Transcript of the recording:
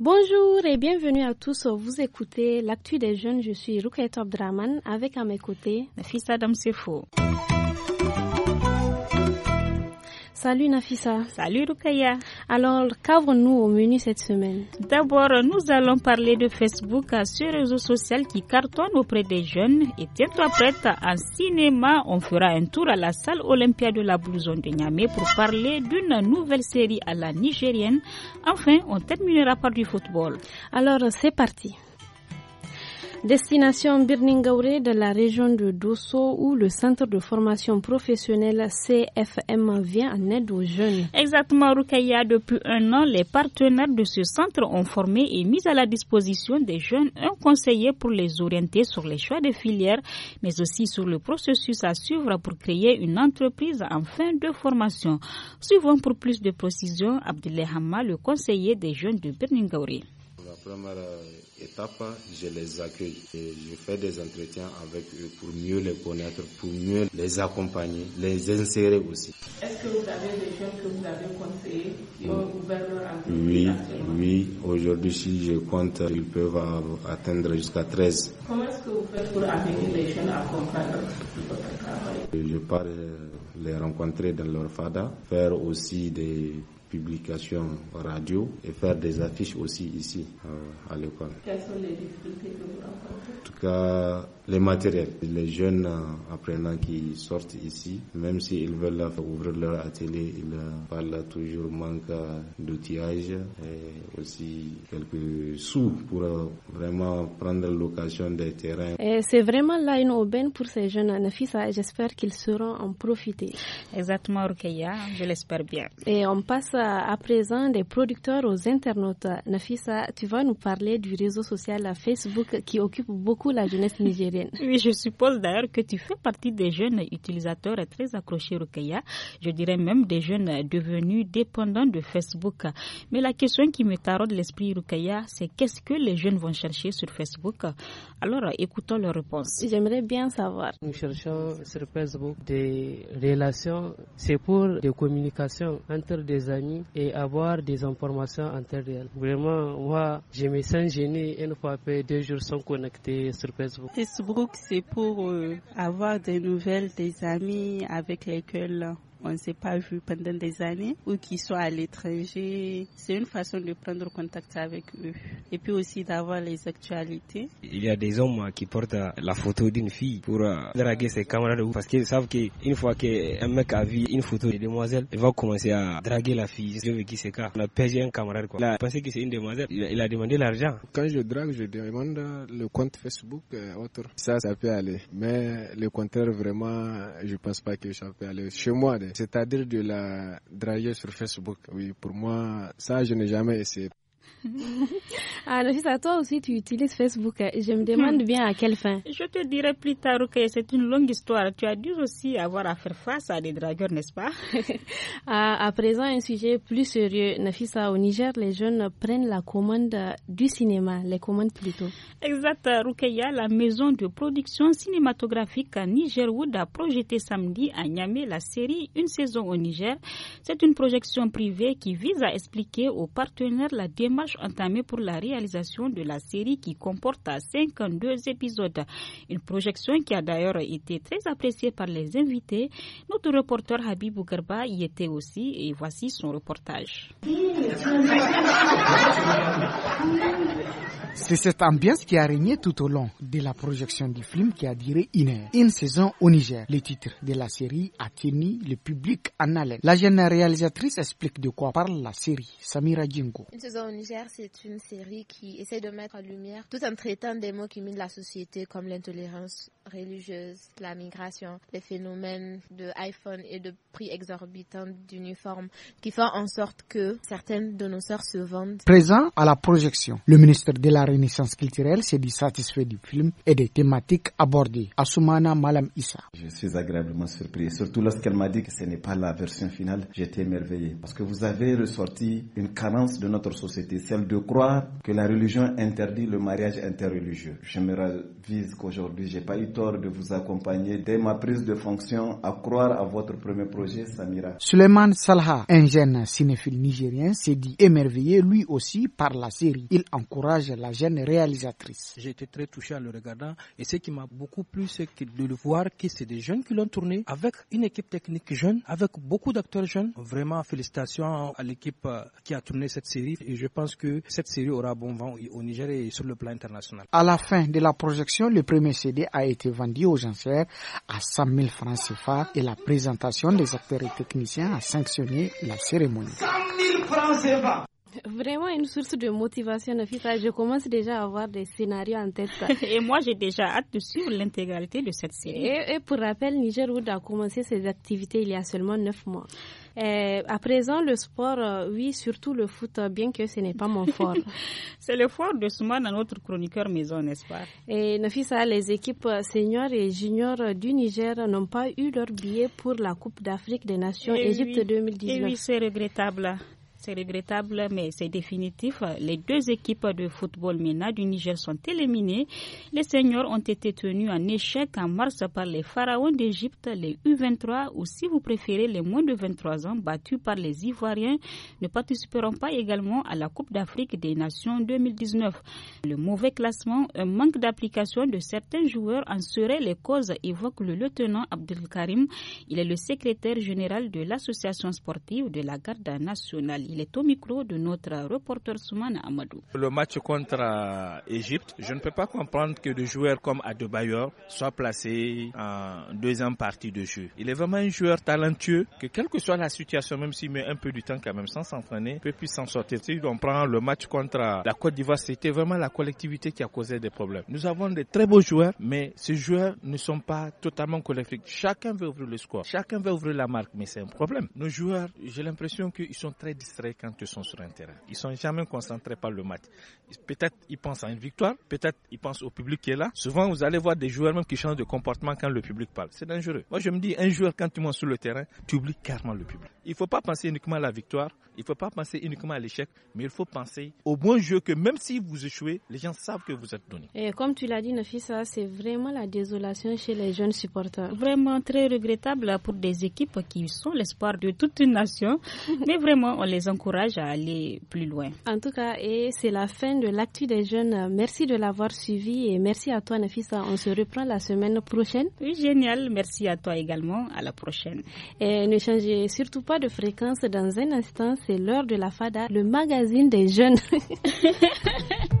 Bonjour et bienvenue à tous. Vous écoutez l'actu des jeunes. Je suis Ruketop Topdraman avec à mes côtés Adam Damsefo. Salut Nafisa Salut Rukaya. Alors, qu'avons-nous au menu cette semaine D'abord, nous allons parler de Facebook, ce réseau social qui cartonne auprès des jeunes. Et tiens-toi prête, en cinéma, on fera un tour à la salle Olympia de la Blouson de Niamey pour parler d'une nouvelle série à la nigérienne. Enfin, on terminera par du football. Alors, c'est parti. Destination Birningaure de la région de Dosso où le centre de formation professionnelle CFM vient en aide aux jeunes. Exactement, Rukaya. Depuis un an, les partenaires de ce centre ont formé et mis à la disposition des jeunes un conseiller pour les orienter sur les choix de filières, mais aussi sur le processus à suivre pour créer une entreprise en fin de formation. Suivons pour plus de précisions Abdullah le conseiller des jeunes de Birningaure. Dans première euh, étape, je les accueille. Et je fais des entretiens avec eux pour mieux les connaître, pour mieux les accompagner, les insérer aussi. Est-ce que vous avez des jeunes que vous avez conseillés qui ont ouvert leur entreprise Oui, oui. Aujourd'hui, si je compte, ils peuvent atteindre jusqu'à 13. Comment est-ce que vous faites pour amener les jeunes à comprendre votre travail Je pars euh, les rencontrer dans leur FADA, faire aussi des publication radio et faire des affiches aussi ici euh, à l'école. Quelles sont les difficultés que vous rencontrez En tout cas, les matériels. Les jeunes euh, apprenants qui sortent ici, même s'ils veulent ouvrir leur atelier, ils parlent toujours manque euh, d'outillage et aussi quelques sous pour vraiment prendre location des terrains. C'est vraiment là une aubaine pour ces jeunes en et j'espère qu'ils seront en profiter. Exactement, Rukeya, je l'espère bien. Et on passe à présent des producteurs aux internautes. Nafisa, tu vas nous parler du réseau social Facebook qui occupe beaucoup la jeunesse nigérienne. Oui, je suppose d'ailleurs que tu fais partie des jeunes utilisateurs très accrochés au Kenya. Je dirais même des jeunes devenus dépendants de Facebook. Mais la question qui me taraude l'esprit Rukaya, c'est qu'est-ce que les jeunes vont chercher sur Facebook Alors, écoutons leur réponse. J'aimerais bien savoir. Nous cherchons sur Facebook des relations, c'est pour des communications entre des amis et avoir des informations en Vraiment, moi, je me sens une fois après deux jours sans connecter sur Facebook. Facebook, c'est pour euh, avoir des nouvelles des amis avec lesquels on ne s'est pas vu pendant des années ou qui sont à l'étranger. C'est une façon de prendre contact avec eux. Et puis aussi d'avoir les actualités. Il y a des hommes hein, qui portent euh, la photo d'une fille pour euh, draguer ses camarades parce qu'ils savent qu'une fois qu'un mec a vu une photo de demoiselle, il va commencer à draguer la fille. Je veux qui c'est On a perdu un camarade Il a que c'est une demoiselle. Il a demandé l'argent. Quand je drague, je demande le compte Facebook euh, autre. Ça, ça peut aller. Mais le contraire, vraiment, je pense pas que ça peut aller. Chez moi, c'est-à-dire de la draguer sur Facebook. Oui, pour moi, ça, je n'ai jamais essayé. Alors, ah, à toi aussi, tu utilises Facebook. Je me demande hmm. bien à quelle fin. Je te dirai plus tard que c'est une longue histoire. Tu as dû aussi avoir à faire face à des dragueurs, n'est-ce pas à, présent, un sujet plus sérieux. Nafisa, au Niger, les jeunes prennent la commande du cinéma, les commandes plutôt. Exact, Rukeya, la maison de production cinématographique à Nigerwood a projeté samedi à Niamey la série Une saison au Niger. C'est une projection privée qui vise à expliquer aux partenaires la démarche entamé pour la réalisation de la série qui comporte 52 épisodes. Une projection qui a d'ailleurs été très appréciée par les invités. Notre reporter Habib Garba y était aussi et voici son reportage. C'est cette ambiance qui a régné tout au long de la projection du film qui a duré une heure. Une saison au Niger. Le titre de la série a tenu le public en haleine. La jeune réalisatrice explique de quoi parle la série, Samira Djingo. Une saison au Niger, c'est une série qui essaie de mettre en lumière tout en traitant des mots qui minent la société comme l'intolérance religieuse, la migration, les phénomènes de iPhone et de prix exorbitants d'uniformes qui font en sorte que certaines de nos sœurs se vendent. Présent à la projection, le ministre de la la renaissance culturelle, s'est dit satisfait du film et des thématiques abordées. Asumana Malam Issa. Je suis agréablement surpris, surtout lorsqu'elle m'a dit que ce n'est pas la version finale. J'étais émerveillé parce que vous avez ressorti une carence de notre société, celle de croire que la religion interdit le mariage interreligieux. Je me ravise qu'aujourd'hui, j'ai pas eu tort de vous accompagner dès ma prise de fonction à croire à votre premier projet, Samira. Suleiman Salha, un jeune cinéphile nigérien, s'est dit émerveillé lui aussi par la série. Il encourage la jeune réalisatrice. J'ai été très touché en le regardant et ce qui m'a beaucoup plu, c'est de le voir que c'est des jeunes qui l'ont tourné avec une équipe technique jeune, avec beaucoup d'acteurs jeunes. Vraiment, félicitations à l'équipe euh, qui a tourné cette série et je pense que cette série aura bon vent au Niger et sur le plan international. À la fin de la projection, le premier CD a été vendu aux enchères à 100 000 francs CFA et la présentation des acteurs et techniciens a sanctionné la cérémonie. 100 000 francs CFA Vraiment une source de motivation, Nafisa. Je commence déjà à avoir des scénarios en tête. et moi, j'ai déjà hâte de suivre l'intégralité de cette série. Et, pour rappel, Niger Wood a commencé ses activités il y a seulement neuf mois. Eh, à présent, le sport, euh, oui, surtout le foot, euh, bien que ce n'est pas mon fort. C'est le fort de Soumana, notre chroniqueur maison, n'est-ce pas Et Nafisa, les équipes euh, seniors et juniors du Niger n'ont pas eu leur billet pour la Coupe d'Afrique des Nations eh Égypte 2019. Et oui, eh c'est regrettable. C'est regrettable, mais c'est définitif. Les deux équipes de football MENA du Niger sont éliminées. Les seniors ont été tenus en échec en mars par les pharaons d'Égypte, les U23 ou si vous préférez les moins de 23 ans battus par les Ivoiriens ne participeront pas également à la Coupe d'Afrique des Nations 2019. Le mauvais classement, un manque d'application de certains joueurs en seraient les causes, évoque le lieutenant Abdelkarim. Il est le secrétaire général de l'association sportive de la garde nationale. Il est au micro de notre reporter Soumana Amadou. Le match contre l'Égypte, je ne peux pas comprendre que des joueurs comme Adebayor soient placés en deuxième partie de jeu. Il est vraiment un joueur talentueux que quelle que soit la situation, même s'il met un peu du temps quand même sans s'entraîner, peut plus s'en sortir. Si on prend le match contre la Côte d'Ivoire, c'était vraiment la collectivité qui a causé des problèmes. Nous avons des très beaux joueurs, mais ces joueurs ne sont pas totalement collectifs. Chacun veut ouvrir le score, chacun veut ouvrir la marque, mais c'est un problème. Nos joueurs, j'ai l'impression qu'ils sont très distincts quand ils sont sur un terrain. Ils sont jamais concentrés par le match. Peut-être ils pensent à une victoire, peut-être ils pensent au public qui est là. Souvent, vous allez voir des joueurs même qui changent de comportement quand le public parle. C'est dangereux. Moi, je me dis, un joueur, quand tu montes sur le terrain, tu oublies carrément le public. Il ne faut pas penser uniquement à la victoire, il ne faut pas penser uniquement à l'échec, mais il faut penser au bon jeu que même si vous échouez, les gens savent que vous êtes donné. Et comme tu l'as dit, Nafisa, c'est vraiment la désolation chez les jeunes supporters. Vraiment très regrettable pour des équipes qui sont l'espoir de toute une nation. mais vraiment, on les encourage à aller plus loin. En tout cas, et c'est la fin de l'actu des jeunes. Merci de l'avoir suivi et merci à toi, Nafisa. On se reprend la semaine prochaine. Oui, génial. Merci à toi également. À la prochaine. Et ne changez surtout pas de fréquence. Dans un instant, c'est l'heure de la FADA, le magazine des jeunes.